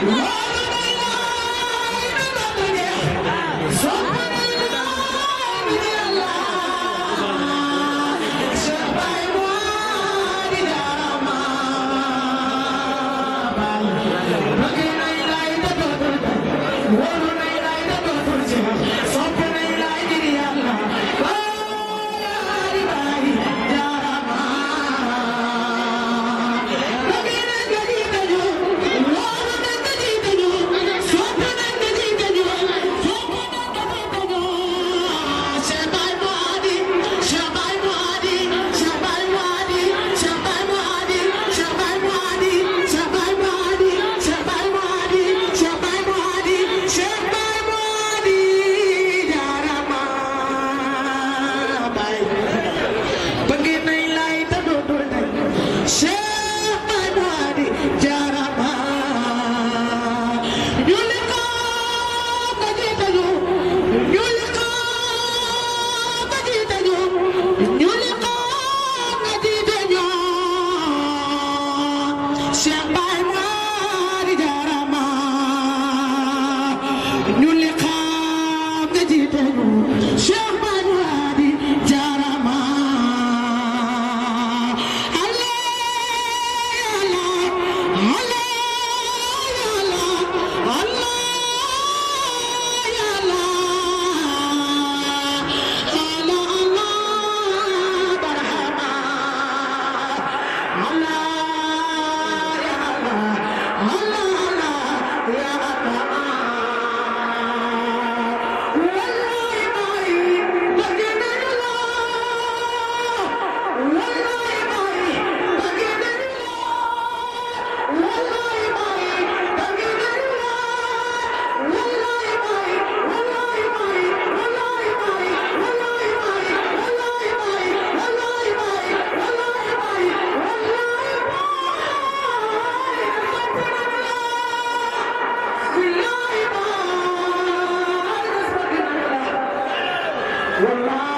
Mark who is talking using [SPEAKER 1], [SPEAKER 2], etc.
[SPEAKER 1] Thank you. والله